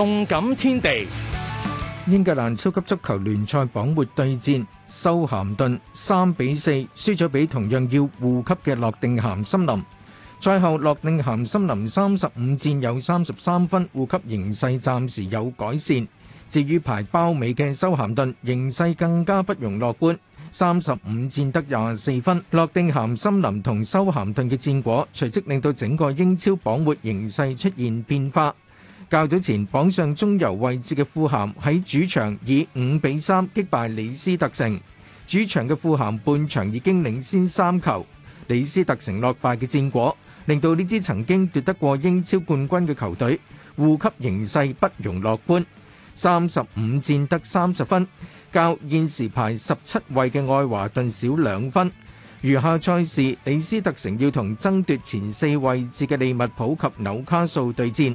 動感天地，英格蘭超級足球聯賽榜末對戰，修咸頓三比四輸咗比同樣要護級嘅諾定咸森林。賽後，諾定咸森林三十五戰有三十三分，護級形勢暫時有改善。至於排包尾嘅修咸頓，形勢更加不容樂觀，三十五戰得廿四分。諾定咸森林同修咸頓嘅戰果，隨即令到整個英超榜末形勢出現變化。較早前，榜上中游位置嘅富咸喺主場以五比三擊敗李斯特城。主場嘅富咸半場已經領先三球，李斯特城落敗嘅戰果令到呢支曾經奪得過英超冠軍嘅球隊護級形勢不容樂觀。三十五戰得三十分，較現時排十七位嘅愛華頓少兩分。餘下賽事，李斯特城要同爭奪前四位置嘅利物浦及紐卡素對戰。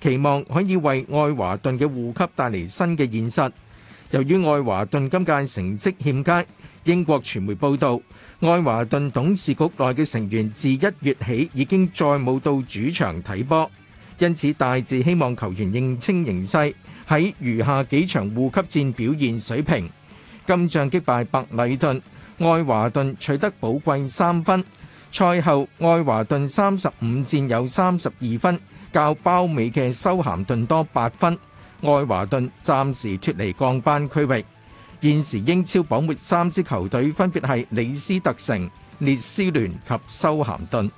期望可以為愛華頓嘅護級帶嚟新嘅現實。由於愛華頓今屆成績欠佳，英國傳媒報道，愛華頓董事局內嘅成員自一月起已經再冇到主場睇波，因此大致希望球員認清形勢，喺餘下幾場護級戰表現水平。今仗擊敗白禮頓，愛華頓取得寶貴三分。賽後，愛華頓三十五戰有三十二分。較包尾嘅修咸頓多八分，愛華頓暫時脱離降班區域。現時英超榜末三支球隊分別係李斯特城、列斯聯及修咸頓。